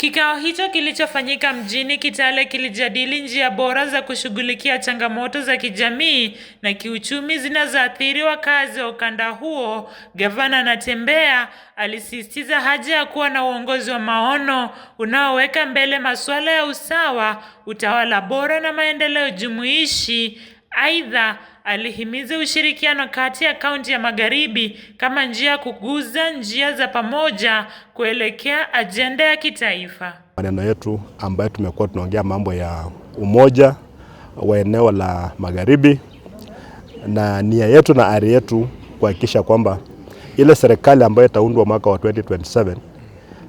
Kikao hicho kilichofanyika mjini Kitale kilijadili njia bora za kushughulikia changamoto za kijamii na kiuchumi zinazoathiri wakazi wa ukanda huo. Gavana Natembeya alisisitiza haja ya kuwa na uongozi wa maono unaoweka mbele masuala ya usawa, utawala bora na maendeleo jumuishi. Aidha, alihimiza ushirikiano kati ya kaunti ya Magharibi kama njia ya kuguza njia za pamoja kuelekea ajenda ya kitaifa. Maneno yetu ambayo tumekuwa tunaongea mambo ya umoja wa eneo la Magharibi, na nia yetu na ari yetu kuhakikisha kwamba ile serikali ambayo itaundwa mwaka wa 2027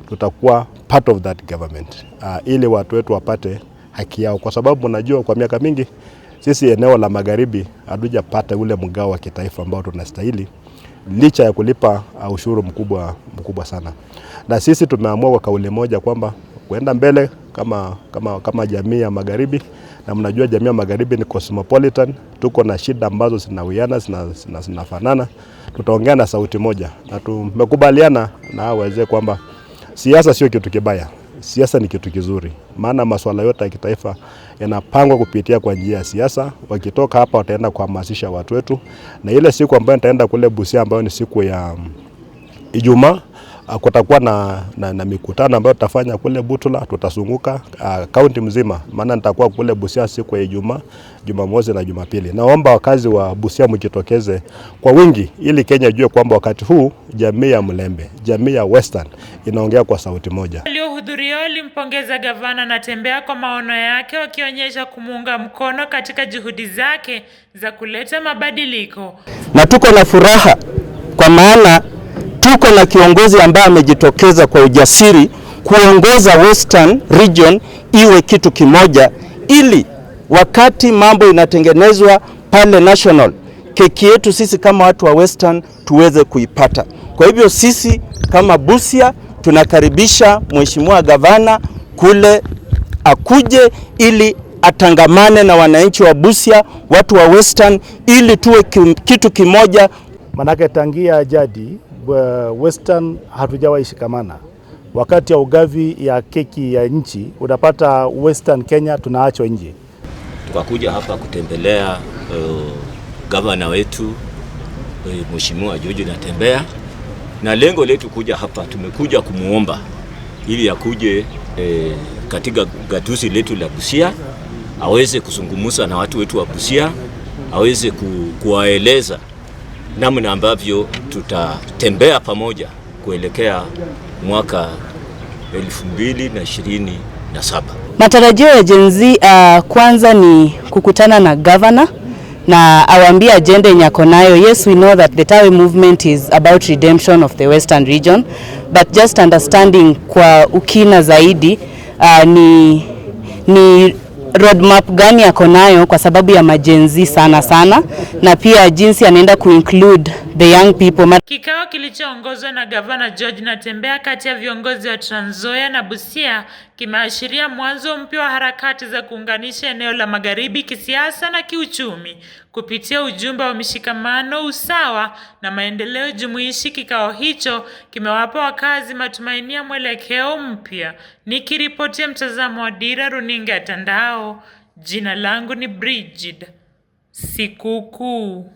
tutakuwa part of that government, uh, ili watu wetu wapate haki yao, kwa sababu unajua kwa miaka mingi sisi eneo la magharibi hatujapata ule mgao wa kitaifa ambao tunastahili licha ya kulipa uh, ushuru mkubwa, mkubwa sana, na sisi tumeamua kwa kauli moja kwamba kuenda mbele kama, kama, kama jamii ya magharibi, na mnajua jamii ya magharibi ni cosmopolitan. Tuko na shida ambazo zinawiana zinafanana, tutaongea na sauti moja, na tumekubaliana na wazee kwamba siasa sio kitu kibaya, siasa ni kitu kizuri, maana masuala yote ya kitaifa yanapangwa kupitia kwa njia ya siasa. Wakitoka hapa, wataenda kuhamasisha watu wetu, na ile siku ambayo nitaenda kule Busia ambayo ni siku ya mm, Ijumaa Ah, kutakuwa na, na, na mikutano ambayo tutafanya kule Butula, tutazunguka ah, kaunti mzima, maana nitakuwa kule Busia siku ya Ijumaa, Jumamosi na Jumapili. Naomba wakazi wa Busia mjitokeze kwa wingi, ili Kenya ijue kwamba wakati huu jamii ya Mlembe, jamii ya Western inaongea kwa sauti moja. Waliohudhuria walimpongeza gavana Natembeya kwa maono yake, wakionyesha kumuunga mkono katika juhudi zake za kuleta mabadiliko, na tuko na furaha kwa maana tuko na kiongozi ambaye amejitokeza kwa ujasiri kuongoza Western Region iwe kitu kimoja, ili wakati mambo inatengenezwa pale national, keki yetu sisi kama watu wa Western tuweze kuipata. Kwa hivyo sisi kama Busia tunakaribisha mheshimiwa gavana kule akuje ili atangamane na wananchi wa Busia, watu wa Western, ili tuwe kitu kimoja, manake tangia jadi Uh, Western hatujawahi shikamana. Wakati ya ugavi ya keki ya nchi unapata Western Kenya tunaachwa nje. Tukakuja hapa kutembelea uh, gavana wetu uh, Mheshimiwa Joji Natembea, na lengo letu kuja hapa, tumekuja kumwomba ili akuje uh, katika gatuzi letu la Busia aweze kuzungumza na watu wetu wa Busia aweze ku, kuwaeleza namna ambavyo tutatembea pamoja kuelekea mwaka 2027. Matarajio ya Gen Z uh, kwanza ni kukutana na governor na awaambie agenda yenye ako nayo. Yes, we know that the Tawe movement is about redemption of the western region but just understanding kwa ukina zaidi uh, ni, ni roadmap gani yako nayo kwa sababu ya majenzi sana sana, na pia jinsi anaenda kuinclude the young people. Kikao kilichoongozwa na Gavana George Natembea kati ya viongozi wa Trans Nzoia na Busia kimeashiria mwanzo mpya wa harakati za kuunganisha eneo la Magharibi kisiasa na kiuchumi kupitia ujumbe wa mshikamano, usawa na maendeleo jumuishi. Kikao hicho kimewapa wakazi matumaini ya mwelekeo mpya. Nikiripotia mtazamo wa Dira Runinga ya Tandao, jina langu ni Brigid Sikukuu.